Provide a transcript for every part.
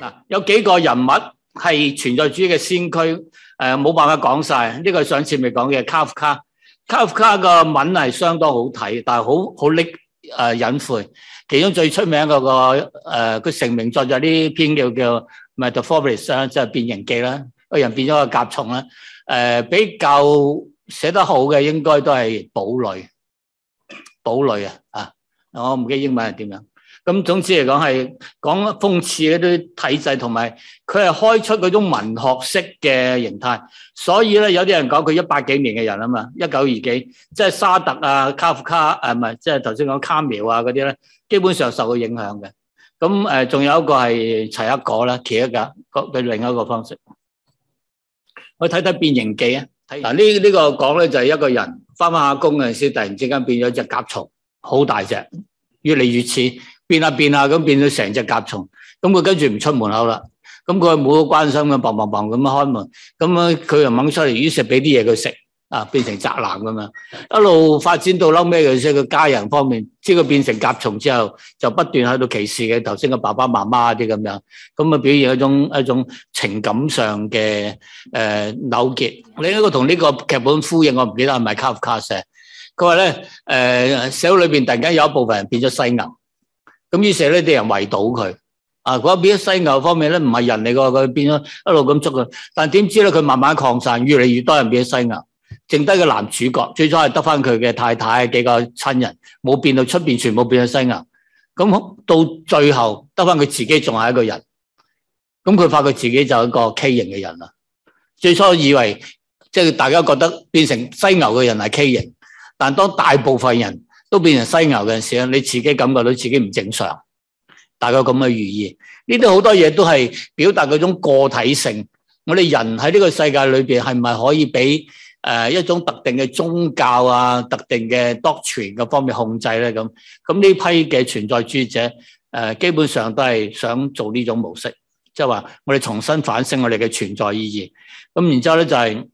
嗱，有幾個人物係存在主義嘅先驅，誒、呃，冇辦法講晒。呢、這個上次未講嘅卡夫卡，卡夫卡個文係相當好睇，但係好好匿誒隱晦。其中最出名嗰個誒，佢、呃、成名作就呢篇叫叫咪叫《Metamorphosis》啦，即係《變形記》啦，個人變咗個甲蟲啦。誒、呃，比較寫得好嘅，應該都係《堡壘》。堡壘啊啊！我唔記得英文係點樣。咁總之嚟講係講諷刺嗰啲體制，同埋佢係開出嗰種文學式嘅形態。所以咧，有啲人講佢一百幾年嘅人啊嘛，一九二幾，即係沙特啊、卡夫卡啊，唔係即係頭先講卡苗啊嗰啲咧，基本上受佢影響嘅。咁誒，仲有一個係齊一個啦，其一架，佢另一個方式。我睇睇《變形記》啊。嗱呢呢個講咧，這個，就係一個人翻翻下工陣時，突然之間變咗隻甲蟲，好大隻，越嚟越似變啊變啊咁變咗成隻甲蟲。咁佢跟住唔出門口啦，咁佢冇個關心嘅，嘭嘭嘭咁樣開門，咁樣佢又掹出嚟，於是俾啲嘢佢食。啊，變成宅男咁樣一路發展到嬲咩嘅係佢家人方面，即佢變成甲蟲之後，就不斷喺度歧視嘅頭先個爸爸媽媽啲咁樣，咁啊表現一種一種情感上嘅誒扭結。另一個同呢個劇本呼應，我唔記得係咪卡夫卡寫？佢話咧誒，社會裏邊突然間有一部分人變咗犀牛，咁於是咧啲人圍堵佢，啊，變咗犀牛方面咧唔係人嚟㗎，佢變咗一路咁捉佢，但點知咧佢慢慢擴散，越嚟越多人變咗犀牛。剩低個男主角，最初係得翻佢嘅太太幾個親人，冇變到出邊，面全部變咗犀牛。咁到最後得翻佢自己，仲係一個人。咁佢發覺自己就係一個畸形嘅人啦。最初以為即係、就是、大家覺得變成犀牛嘅人係畸形，但當大部分人都變成犀牛嘅時候，你自己感覺到自己唔正常。大概咁嘅寓意，呢啲好多嘢都係表達嗰種個體性。我哋人喺呢個世界裏邊係咪可以俾？誒，一種特定嘅宗教啊，特定嘅督權嘅方面控制咧，咁咁呢批嘅存在主義者，誒，基本上都係想做呢種模式，即係話我哋重新反省我哋嘅存在意義。咁然之後咧就係、是、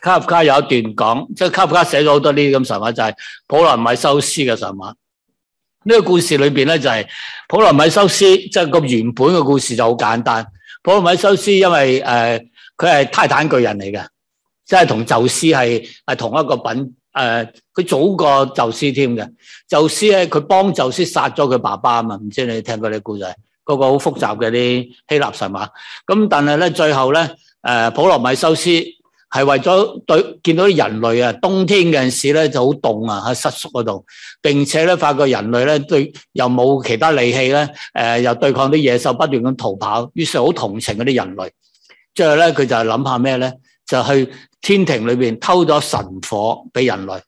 卡夫卡有一段講，即、就、係、是、卡夫卡寫咗好多呢啲咁神話，就係、是、普羅米修斯嘅神話。呢、這個故事裏邊咧就係、是、普羅米修斯，即係個原本嘅故事就好簡單。普羅米修斯因為誒，佢、呃、係泰坦巨人嚟嘅。即係同宙斯係係同一個品，誒，佢、呃、早過宙斯添嘅。宙斯咧，佢幫宙斯殺咗佢爸爸啊嘛，唔知你聽過啲故仔？嗰個好複雜嘅啲希臘神話。咁但係咧，最後咧誒，普羅米修斯係為咗對見到啲人類啊，冬天嗰陣時咧就好凍啊，喺瑟縮嗰度，並且咧發覺人類咧對又冇其他利器咧誒、呃，又對抗啲野獸不斷咁逃跑，於是好同情嗰啲人類。最後咧，佢就係諗下咩咧，就去。天庭裏面偷咗神火俾人類，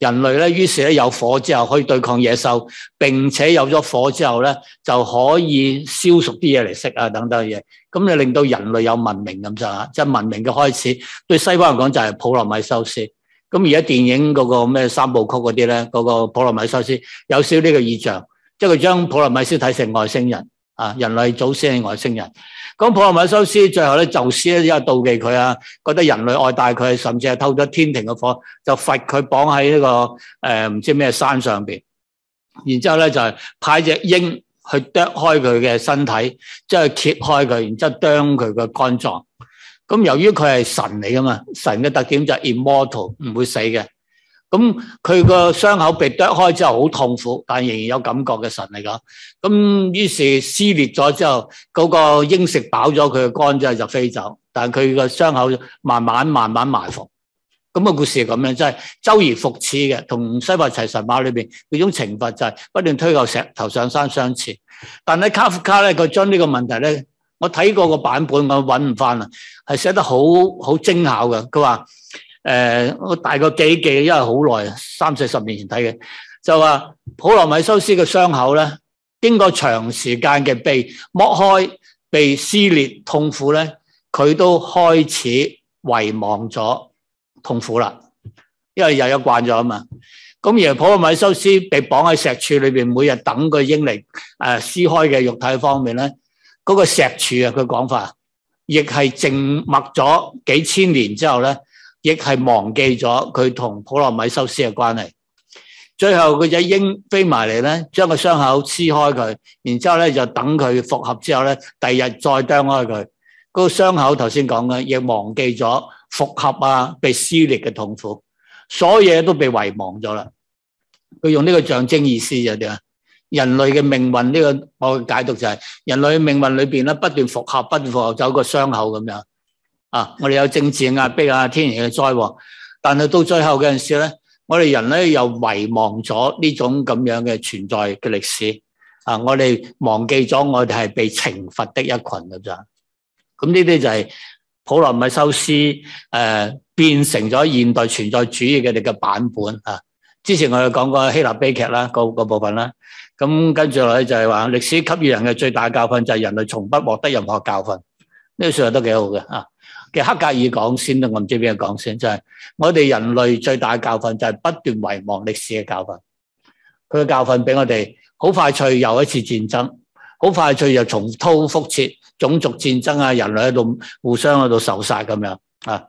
人類咧，於是咧有火之後，可以對抗野獸，並且有咗火之後咧，就可以燒熟啲嘢嚟食啊等等嘢，咁你令到人類有文明，咁就即係文明嘅開始。對西方嚟講就係普羅米修斯。咁而家電影嗰個咩三部曲嗰啲咧，嗰個普羅米修斯有少啲嘅意象，即係佢將普羅米修斯睇成外星人啊，人類祖先係外星人。咁普羅米修斯最後咧，宙斯咧因為妒忌佢啊，覺得人類愛戴佢，甚至係偷咗天庭嘅火，就罰佢綁喺呢個誒唔知咩山上邊。然之後咧就係派隻鷹去啄開佢嘅身體，即係揭開佢，然之後啄佢嘅肝臟。咁由於佢係神嚟噶嘛，神嘅特點就係 immortal 唔會死嘅。咁佢個傷口被啄開之後好痛苦，但仍然有感覺嘅神嚟㗎。咁於是撕裂咗之後，嗰、那個鷹食飽咗佢嘅肝之後就飛走，但佢個傷口慢慢慢慢埋伏。咁、那個故事係咁樣，即、就、係、是、周而復始嘅，同《西伯齊神話》裏面嗰種懲罰就係不斷推嚿石頭上山相似。但喺卡夫卡咧，佢將呢個問題咧，我睇過個版本，我揾唔翻啦，係寫得好好精巧嘅。佢話。誒、呃，我大個幾記，因為好耐，三四十年前睇嘅，就話普羅米修斯嘅傷口咧，經過長時間嘅被剝開、被撕裂、痛苦咧，佢都開始遺忘咗痛苦啦，因為又一慣咗啊嘛。咁而普羅米修斯被綁喺石柱裏邊，每日等個鷹嚟誒撕開嘅肉體方面咧，嗰、那個石柱啊，佢講法，亦係靜默咗幾千年之後咧。亦係忘記咗佢同普羅米修斯嘅關係，最後佢隻鷹飛埋嚟咧，將個傷口撕開佢，然之後咧就等佢復合之後咧，第二日再啄開佢。嗰個傷口頭先講嘅，亦忘記咗復合啊，被撕裂嘅痛苦，所有嘢都被遺忘咗啦。佢用呢個象徵意思就點啊？人類嘅命運呢個我解讀就係人類命運裏邊咧不斷復合、不斷復合，走個傷口咁樣。啊！我哋有政治嘅壓迫啊，天然嘅災禍，但係到最後嗰陣時咧，我哋人咧又遺忘咗呢種咁樣嘅存在嘅歷史啊！我哋忘記咗我哋係被懲罰的一群。咁咋，咁呢啲就係普羅米修斯誒變成咗現代存在主義嘅哋嘅版本啊！之前我哋講過希臘悲劇啦，嗰部分啦，咁跟住落去就係話歷史給予人嘅最大教訓就係人類從不獲得任何教訓，呢、這個說話都幾好嘅嘅黑格爾講先啦，我唔知邊個講先，真係我哋人類最大嘅教訓就係不斷遺忘歷史嘅教訓。佢嘅教訓俾我哋好快脆又一次戰爭，好快脆又重蹈覆轍，種族戰爭啊，人類喺度互相喺度受殺咁樣啊。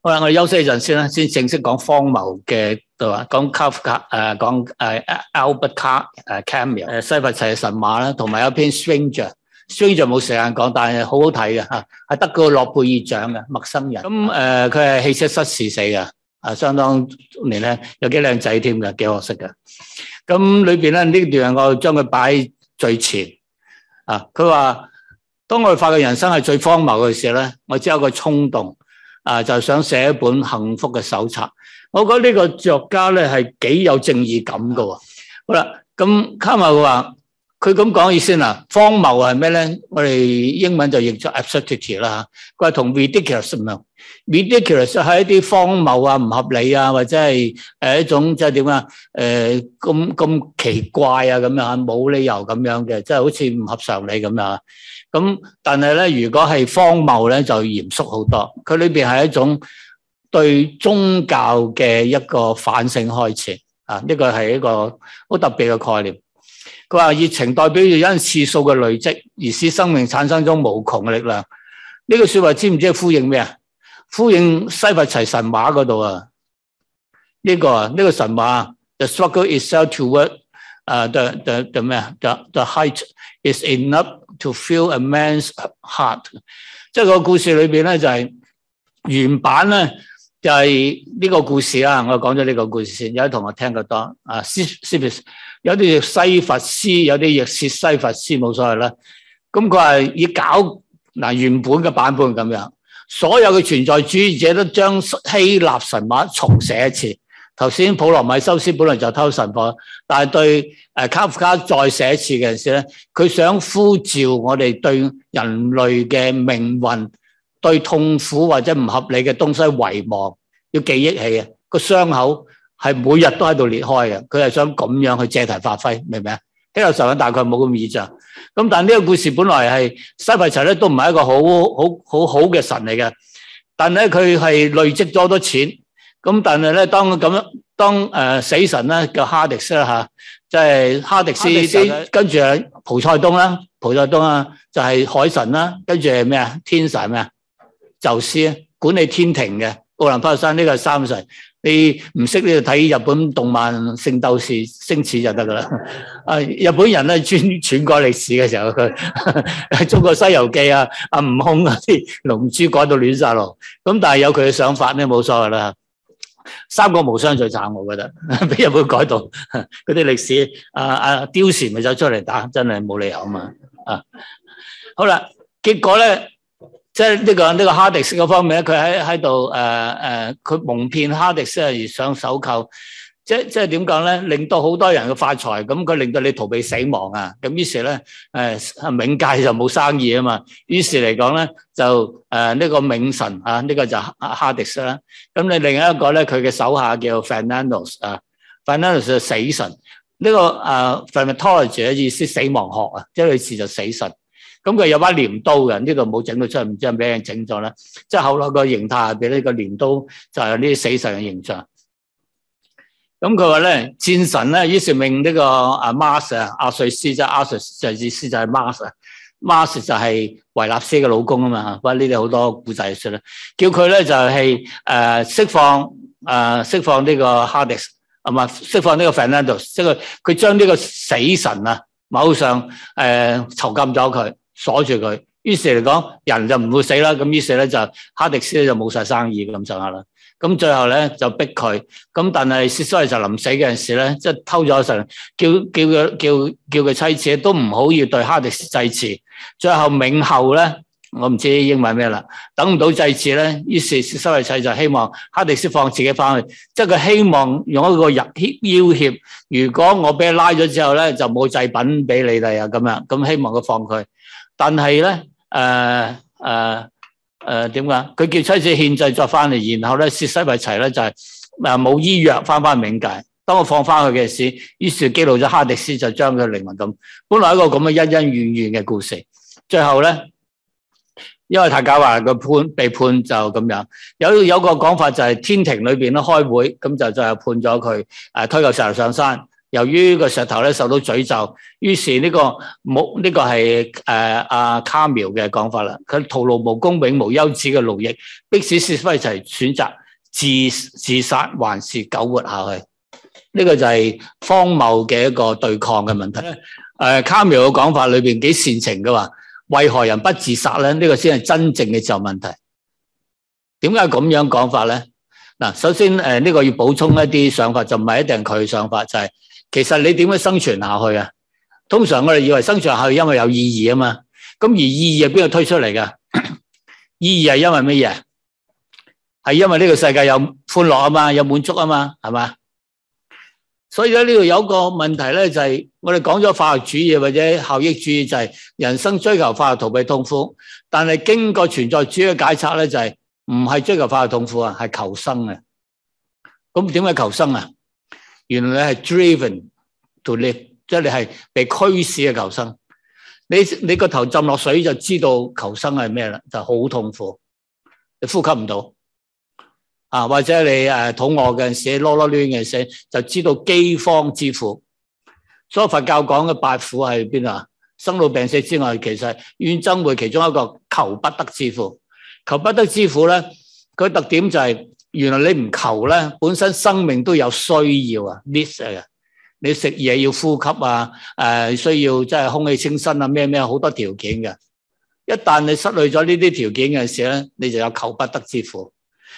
好啦，我哋休息一陣先啦，先正式講荒謬嘅對話，講卡夫卡誒，講誒阿爾不卡誒，卡米爾誒，西弗齊嘅神馬啦，同埋一篇《Stranger》。雖然就冇時間講，但係好好睇嘅嚇，係得過諾貝爾獎嘅陌生人。咁誒，佢係汽車失事死嘅，啊相當年咧有幾靚仔添嘅，幾可惜嘅。咁裏邊咧呢段我將佢擺最前啊。佢話：當我哋發覺人生係最荒謬嘅時候咧，我只有個衝動啊，就是、想寫一本幸福嘅手冊。我覺得這個呢個作家咧係幾有正義感嘅喎，啊。好啦，咁卡馬話。佢咁講嘅意思啦，荒謬係咩咧？我哋英文就譯作 absurdity 啦。佢係同 ridiculous 咁樣 ridiculous 係一啲荒謬啊、唔合理啊，或者係誒一種即係點啊？誒咁咁奇怪啊咁樣冇理由咁樣嘅，即係好似唔合常理咁樣。咁但係咧，如果係荒謬咧，就嚴肅好多。佢裏邊係一種對宗教嘅一個反省開始啊！呢個係一個好特別嘅概念。佢話熱情代表住因次數嘅累積而使生命產生咗無窮嘅力量。呢句說話知唔知係呼應咩啊？呼應西弗齊神話嗰度啊。呢個呢個神話，the struggle is itself toward the，誒，the the the 咩啊？the the height is enough to fill a man's heart。即係個故事裏面咧，就係原版咧，就係呢個故事啊。我講咗呢個故事先，有啲同學聽得多啊，Sisyphus 有啲譯西弗斯，有啲譯薛西弗斯，冇所謂啦。咁佢係要搞嗱原本嘅版本咁樣，所有嘅存在主義者都將希臘神話重寫一次。頭先普羅米修斯本來就偷神火，但係對誒卡夫卡再寫一次嘅陣時咧，佢想呼召我哋對人類嘅命運、對痛苦或者唔合理嘅東西遺忘，要記憶起啊個傷口。係每日都喺度裂開嘅，佢係想咁樣去借題發揮，明唔明啊？希臘神大概冇咁易就，咁但呢個故事本來係西腓齊咧都唔係一個好好好好嘅神嚟嘅，但咧佢係累積咗好多錢，咁但係咧當咁樣，當誒、呃、死神咧叫哈迪斯吓，即係哈迪斯，哈迪斯跟住蒲塞冬啦，蒲塞冬啊就係、是、海神啦，跟住係咩啊？天神咩啊？宙斯啊，管理天庭嘅奧林匹克山呢、這個係三神。你唔識，你就睇日本動漫《聖鬥士星矢》就得噶啦。啊，日本人咧專篡改歷史嘅時候，佢中國《西遊記》啊、阿悟空啊啲龍珠改到亂晒路。咁但係有佢嘅想法咧，冇所謂啦。三國無雙再打，我覺得俾日本改到嗰啲歷史。阿啊貂蟬咪走出嚟打，真係冇理由啊嘛。啊，好啦，結果咧。即係呢個呢個哈迪斯嗰方面咧，佢喺喺度誒誒，佢、uh, 蒙騙哈迪斯而想收購，即即係點講咧？令到好多人去發財，咁佢令到你逃避死亡啊！咁於是咧誒冥界就冇生意啊嘛。於是嚟講咧就誒呢、uh, 個冥神啊，呢、這個就哈迪斯啦。咁你另一個咧，佢嘅手下叫 Thanatos 啊 Thanatos 就死神，呢、這個啊 Th、uh, anatology 意思死亡學啊，即係類似就死神。咁佢有把鐮刀嘅，呢度冇整到出嚟，唔知係咩人整咗啦。即係後來個形態下邊咧，個鐮刀就係呢啲死神嘅形象。咁佢話咧，戰神咧，於是命呢個阿馬斯阿瑞斯就阿瑞斯就意思就係馬斯，馬斯就係維納斯嘅老公啊嘛。不過呢啲好多古仔說啦，叫佢咧就係誒釋放誒釋放呢個哈迪斯，咁啊釋放呢個費南度，即係佢將呢個死神啊，馬上誒囚禁咗佢。鎖住佢，於是嚟講人就唔會死啦。咁於是咧就哈迪斯咧就冇曬生意咁上下啦。咁最後咧就逼佢。咁但係薛西弗斯就臨死嗰陣時咧，即係偷咗神叫叫佢叫叫佢妻子都唔好要對哈迪斯祭祀。最後冥后咧，我唔知英文係咩啦，等唔到祭祀咧，於是薛西弗斯就希望哈迪斯放自己返去，即係佢希望用一個入脅要脅，如果我俾佢拉咗之後咧就冇祭品俾你哋啊咁樣，咁希望佢放佢。但係咧，誒誒誒點講？佢、呃呃、叫妻子獻祭再翻嚟，然後咧，薛西弗斯咧，就係、是、冇醫藥，翻返冥界。當我放翻佢嘅屍，於是激怒咗哈迪斯，就將佢靈魂咁。本來一個咁嘅恩恩怨怨嘅故事，最後咧，因為太假話嘅判被判就咁樣。有有個講法就係天庭裏邊咧開會，咁就就最後判咗佢誒推個石頭上山。由於個石頭咧受到詛咒，於是呢、這個冇呢、這個係誒阿卡繆嘅講法啦。佢徒勞無功、永無休止嘅勞役，迫使薛西弗斯選擇自自殺還是苟活下去。呢、這個就係荒謬嘅一個對抗嘅問題。誒、啊，卡繆嘅講法裏邊幾煽情嘅話，為何人不自殺咧？呢、這個先係真正嘅自由問題。點解咁樣講法咧？嗱，首先誒呢、這個要補充一啲想法，就唔係一定佢嘅想法，就係、是。其實你點樣生存下去啊？通常我哋以為生存下去因為有意義啊嘛。咁而意義係邊個推出嚟噶？意義係因為乜嘢？係因為呢個世界有歡樂啊嘛，有滿足啊嘛，係嘛？所以咧呢度有個問題咧，就係我哋講咗快樂主義或者效益主義，就係人生追求快樂，逃避痛苦。但係經過存在主義嘅解拆咧，就係唔係追求快樂痛苦啊，係求生啊。咁點解求生啊？原來你係 driven to live，即係你係被驅使嘅求生。你你個頭浸落水就知道求生係咩啦，就好痛苦，你呼吸唔到啊，或者你誒、啊、肚餓嘅時，攞攞攣嘅時，就知道饑荒之苦。所以佛教講嘅八苦係邊啊？生老病死之外，其實怨憎會其中一個求不得之苦。求不得之苦咧，佢特點就係、是。原來你唔求咧，本身生命都有需要啊 need 啊，你食嘢要呼吸啊，誒，需要即係空氣清新啊，咩咩好多條件嘅。一旦你失去咗呢啲條件嘅時候咧，你就有求不得之苦。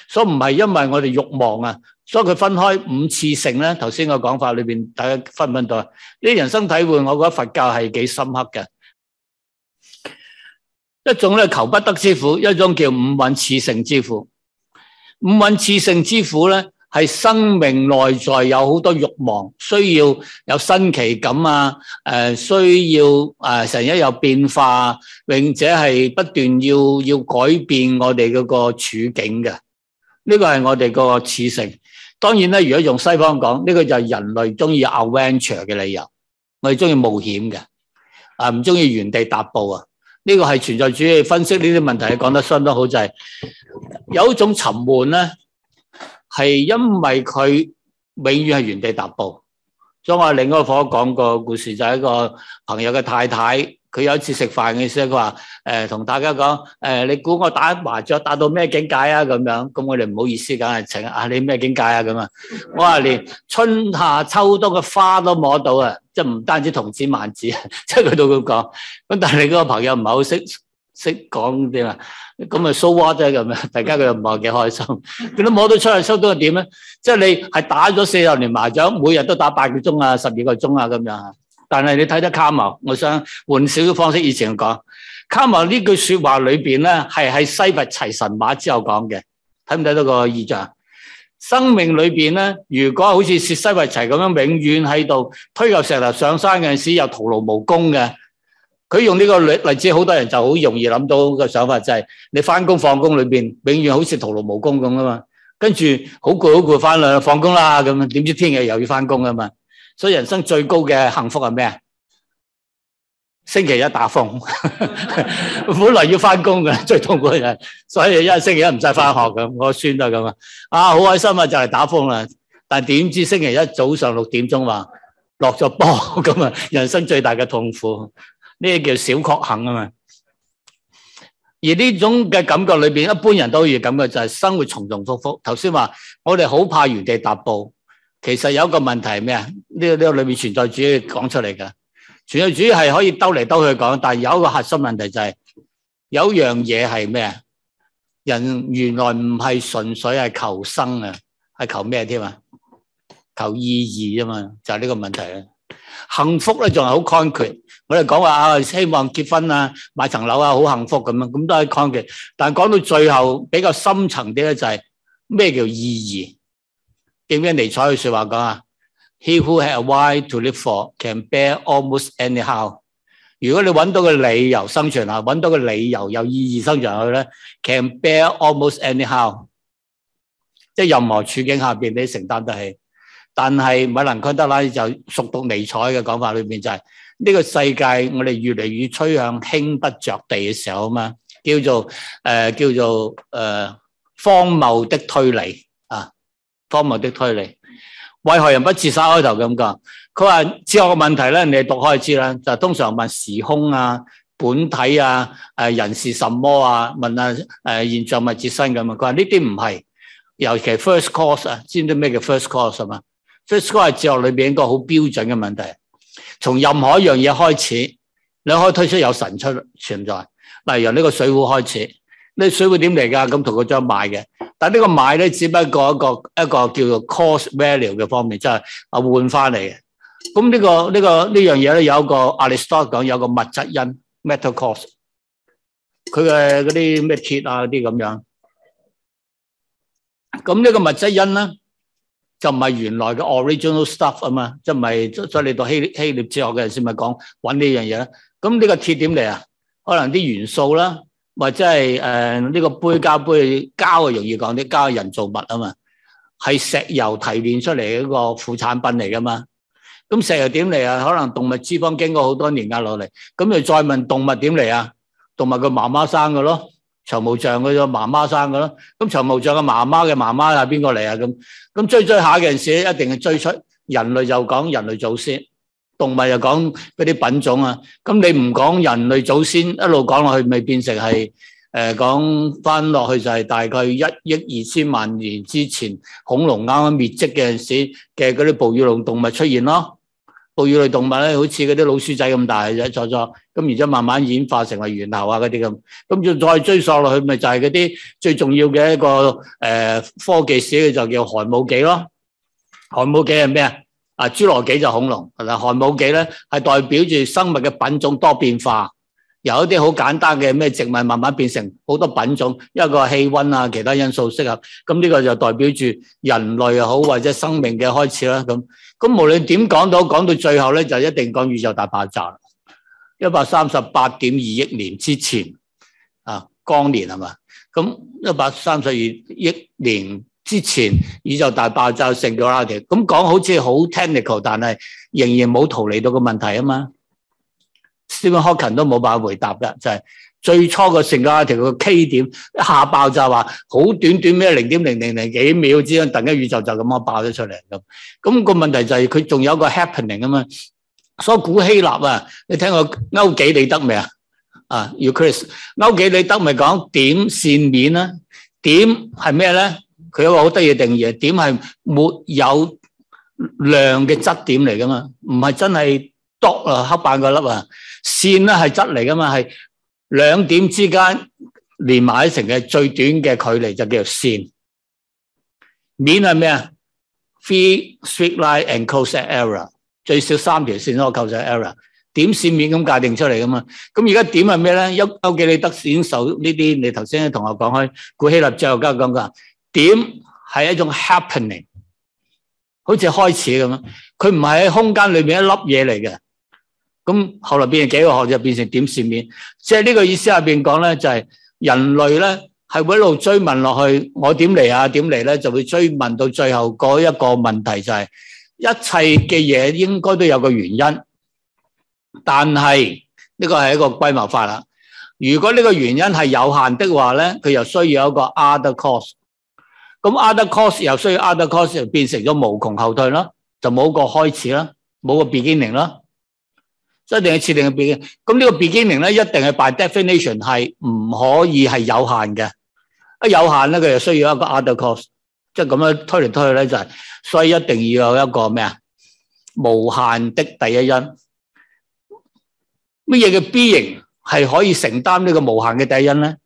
所以唔係因為我哋欲望啊，所以佢分開五次性咧。頭先個講法裏邊，大家分唔分到呢人生體會，我覺得佛教係幾深刻嘅。一種咧求不得之苦，一種叫五蘊次性之苦。五蘊熾盛之苦咧，係生命內在有好多慾望，需要有新奇感啊，誒，需要誒，成日有變化，並且係不斷要要改變我哋嗰個處境嘅。呢個係我哋個熾盛。當然咧，如果用西方講，呢、這個就係人類中意 adventure 嘅理由，我哋中意冒險嘅，啊唔中意原地踏步啊！呢、這個係存在主義分析呢啲問題你講得相當好，就係、是。有一種沉悶咧，係因為佢永遠係原地踏步。所以我另一個夥講個故事，就係一個朋友嘅太太，佢有一次食飯嘅時候，佢話：誒、呃、同大家講，誒、呃、你估我打麻雀打到咩境界啊？咁樣咁我哋唔好意思，梗係請啊！你咩境界啊？咁啊，我話連春夏秋冬嘅花都摸到啊，即唔單止筒子萬子，即佢都咁講。咁但係你個朋友唔係好識。識講啲嘛，咁 so what 咁樣，大家佢又唔係幾開心。佢都摸到出去，收到係點咧？即係你係打咗四十年麻將，每日都打八個鐘啊，十二個鐘啊咁樣。但係你睇得卡繆，我想換少少方式。以前講卡繆呢句說話裏邊咧，係喺薛西弗斯神話之後講嘅。睇唔睇到個意象？生命裏邊咧，如果好似薛西弗斯咁樣，永遠喺度推嚿石頭上山嘅時候，又徒勞無功嘅。佢用呢個例例子，好多人就好容易諗到個想法，就係你翻工放工裏邊，永遠好似徒勞無功咁啊嘛。跟住好攰好攰翻嚟放工啦，咁點知聽日又要翻工啊嘛？所以人生最高嘅幸福係咩啊？星期一打風，本來要翻工嘅最痛苦嘅人，所以一星期一唔使翻學咁，我孫都係咁啊，啊好開心啊，就嚟打風啦！但點知星期一早上六點鐘話落咗波咁啊，人生最大嘅痛苦。咩叫小確幸啊？嘛，而呢種嘅感覺裏邊，一般人都好感覺就係生活重重複複。頭先話我哋好怕原地踏步，其實有一個問題係咩啊？呢、呢、呢個裏面存在主義講出嚟嘅，存在主義係可以兜嚟兜去講，但係有一個核心問題就係、係、有樣嘢係咩啊？人原來唔係純粹係求生啊，係求咩添啊？求意義啊嘛，就係、係、呢個問題啊。幸福咧仲係好 concrete。我哋講話啊，希望結婚啊，買層樓啊，好幸福咁啊，咁都係 concrete。但係講到最後比較深層啲咧，就是，就係咩叫意義？記唔記得尼采嘅說話講啊？He who has a why，right，to live for can bear almost anyhow。如果你揾到個理由生存下，揾到個理由有意義生存去咧，can bear almost anyhow。即係任何處境下邊，你承擔得起。但係米蘭昆德拉就熟讀尼采嘅講法裏面，就是，就係呢個世界，我哋越嚟越趨向輕不着地嘅時候啊嘛，叫做誒、呃、叫做誒、呃、荒謬的推理啊，荒謬的推理。為何人不自殺？開頭咁講，佢話之後嘅問題咧，你讀開知啦，就是，通常問時空啊、本體啊、人是什麼啊、問啊誒、呃、現象物自身咁，佢話呢啲唔係，尤其係 first cause 啊，知唔知咩叫 first cause 啊？呢個係哲學裏邊一個好標準嘅問題。從任何一樣嘢開始，你可以推出有神出存在。例如呢個水壺開始，呢水壺點嚟㗎？咁同佢張買嘅，但呢個買咧只不過一個一個叫做 cost value 嘅方面，即係啊換翻嚟嘅。咁呢個呢個呢樣嘢咧，有一個 Aristotle 講，有個物質因 （metal cause）。佢嘅嗰啲咩鐵啊嗰啲咁樣。咁呢個物質因咧？就唔係原來嘅 original stuff 啊嘛，即係唔係再再嚟到希臘希臘哲學嘅人先咪講搵呢樣嘢啦。咁呢個鐵點嚟啊？可能啲元素啦，或者係誒呢個杯膠杯，膠係容易講啲膠人造物啊嘛，係石油提煉出嚟嘅一個副產品嚟噶嘛。咁石油點嚟啊？可能動物脂肪經過好多年壓落嚟，咁你再問動物點嚟啊？動物嘅媽媽生嘅咯。長毛象佢個媽媽生噶咯，咁長毛象嘅媽媽嘅媽媽係邊個嚟啊？咁咁追追下嘅陣時，一定係追出人類就講人類祖先，動物又講嗰啲品種啊。咁你唔講人類祖先一路講落去，咪變成係誒講翻落去就係大概一億二千萬年之前恐龍啱啱滅跡嘅陣時嘅嗰啲哺乳類動物出現咯。哺乳類動物咧，好似嗰啲老鼠仔咁大一啫，錯錯。咁然之後慢慢演化成為猿猴啊，嗰啲咁。咁就再追溯落去，咪就係嗰啲最重要嘅一個誒、呃、科技史嘅就叫寒武紀咯。寒武紀係咩啊？啊，侏羅紀就是恐龍，係啦。寒武紀咧係代表住生物嘅品種多變化。由一啲好簡單嘅咩植物，慢慢變成好多品種，因為個氣溫啊，其他因素適合，咁呢個就代表住人類好，或者生命嘅開始啦。咁咁無論點講到，講到最後咧，就一定講宇宙大爆炸。一百三十八點二億年之前啊，光年係嘛？咁一百三十二億年之前，宇宙大爆炸成咗啦嘅。咁講好似好 technical，但係仍然冇逃離到個問題啊嘛。Stephen Hawking 都冇辦法回答㗎，就係、是、最初個成個一條個 K 點一下爆炸，話好短短咩零點零零零幾秒之間，突然間宇宙就咁樣爆咗出嚟咁。咁、那個問題就係佢仲有個 happening 啊嘛。所以古希臘啊，你聽過歐幾里德未啊？啊 Euclid 歐幾里德咪講點線面啦。點係咩咧？佢有個好得意嘅定義係點係沒有量嘅質點嚟㗎嘛，唔係真係度啊黑板個粒啊。線咧係質嚟噶嘛，係兩點之間連埋起成嘅最短嘅距離，就叫做線。面係咩啊？Three straight line and close error，最少三條線咯，夠晒 error。點線面咁界定出嚟噶嘛？咁而家點係咩咧？歐歐幾里得選手呢啲，你頭先同我講開古希臘哲學家講噶點係一種 happening，好似開始咁樣，佢唔係喺空間裏邊一粒嘢嚟嘅。咁後來變成幾個學者就變成點線面，即係呢個意思下面講咧，就係、是、人類咧係會一路追問落去，我點嚟啊？點嚟咧就會追問到最後嗰一個問題，就是，就係一切嘅嘢應該都有個原因，但係呢個係一個歸謬法啦。如果呢個原因係有限的話咧，佢又需要一個 other cause。咁 other cause 又需要 other cause，就變成咗無窮後退啦就冇個開始啦，冇個 beginning 啦。一定要設定的個 begin，咁呢個 beginning 咧一定係 by definition 係唔可以係有限嘅。一有限咧，佢又需要一個 other cause，即係咁樣推嚟推去咧，就係、是、所以一定要有一個咩啊？無限的第一因，乜嘢嘅 B 型係可以承擔呢個無限嘅第一因咧？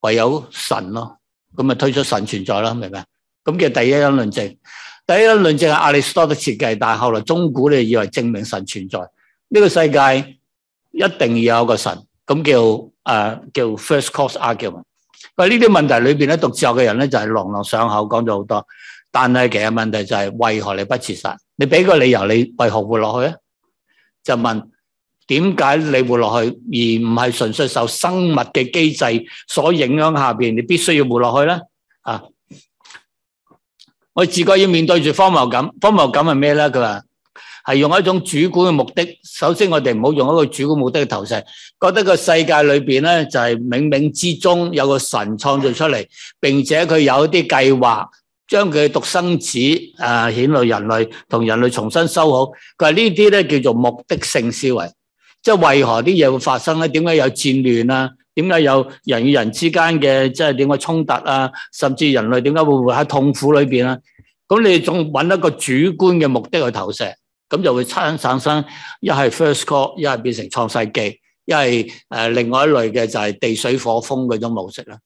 唯有神咯。咁啊，推出神存在啦，明唔明？咁叫第一因論證。第一因論證係亞里士多德設計，但係後來中古咧以為證明神存在。呢個世界一定要有一個神，咁叫誒、呃、叫 First Cause Argument。佢呢啲問題裏邊咧，讀哲學嘅人咧就係朗朗上口講咗好多，但係其實問題就係、是、為何你不自殺？你俾個理由，你為何活落去啊？就問點解你活落去，而唔係純粹受生物嘅機制所影響下邊，你必須要活落去咧？啊！我自覺要面對住荒謬感，荒謬感係咩咧？佢話。係用一種主觀嘅目的。首先，我哋唔好用一個主觀目的去投射，覺得個世界裏面咧就係冥冥之中有個神創造出嚟，並且佢有一啲計劃，將佢嘅獨生子啊顯露人類同人類重新修好。佢話呢啲咧叫做目的性思維，即係為何啲嘢會發生咧？點解有戰亂啊？點解有人與人之間嘅即係點嘅衝突啊？甚至人類點解會喺痛苦裏面啊？咁你仲揾一個主觀嘅目的去投射？咁就會產產生一係 first call，一係變成創世記，一係誒另外一類嘅就係地水火風嗰種模式啦。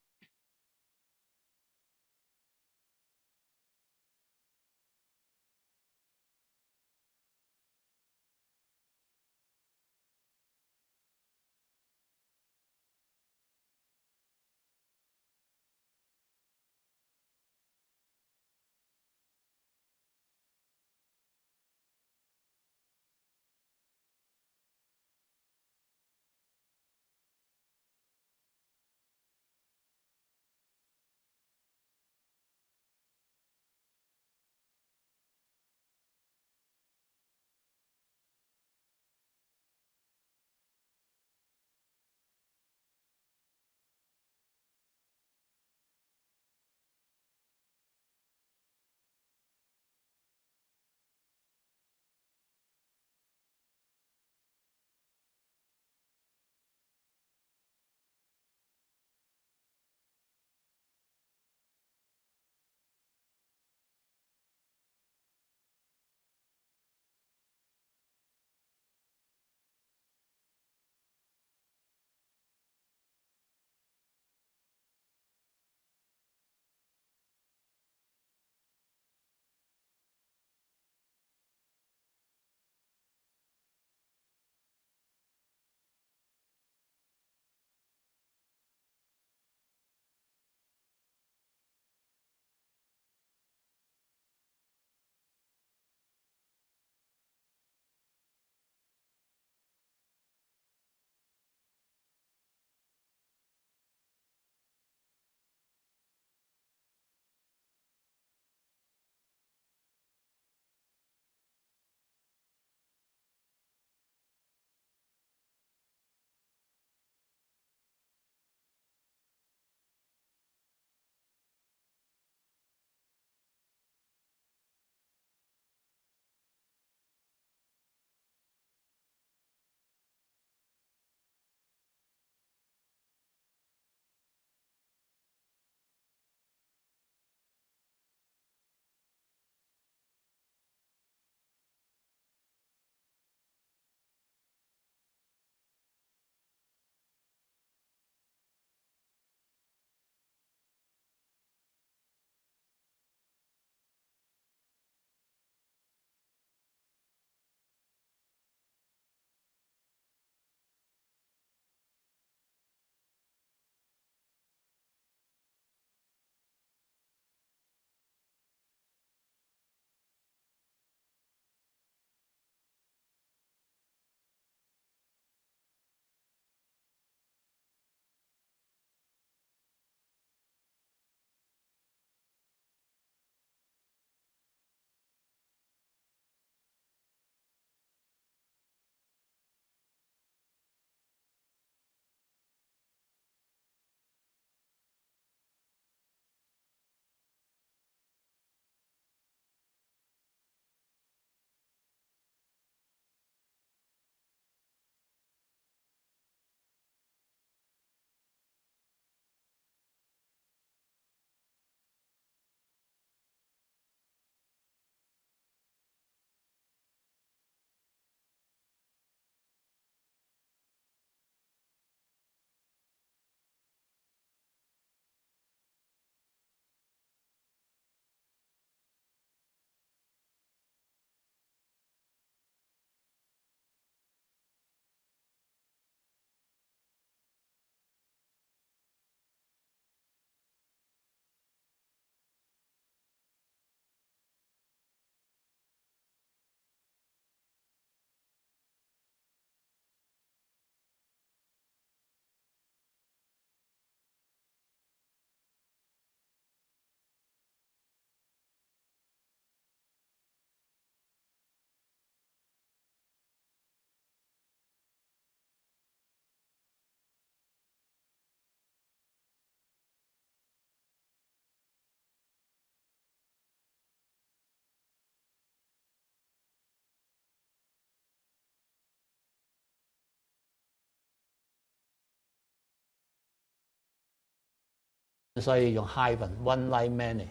所以用 hyphen one like many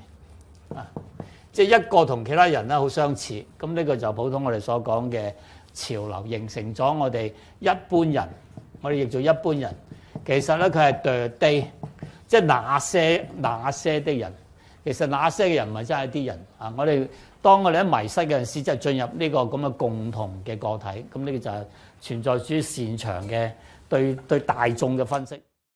啊，即係一個同其他人咧好相似，咁呢個就是普通我哋所講嘅潮流形成咗我哋一般人，我哋亦做一般人。其實咧佢係對 day 即係那些那些的人，其實那些嘅人唔係真係啲人啊！我哋當我哋喺迷失嗰陣時，就進入呢個咁嘅共同嘅個體，咁呢個就係存在於擅長嘅對對大眾嘅分析。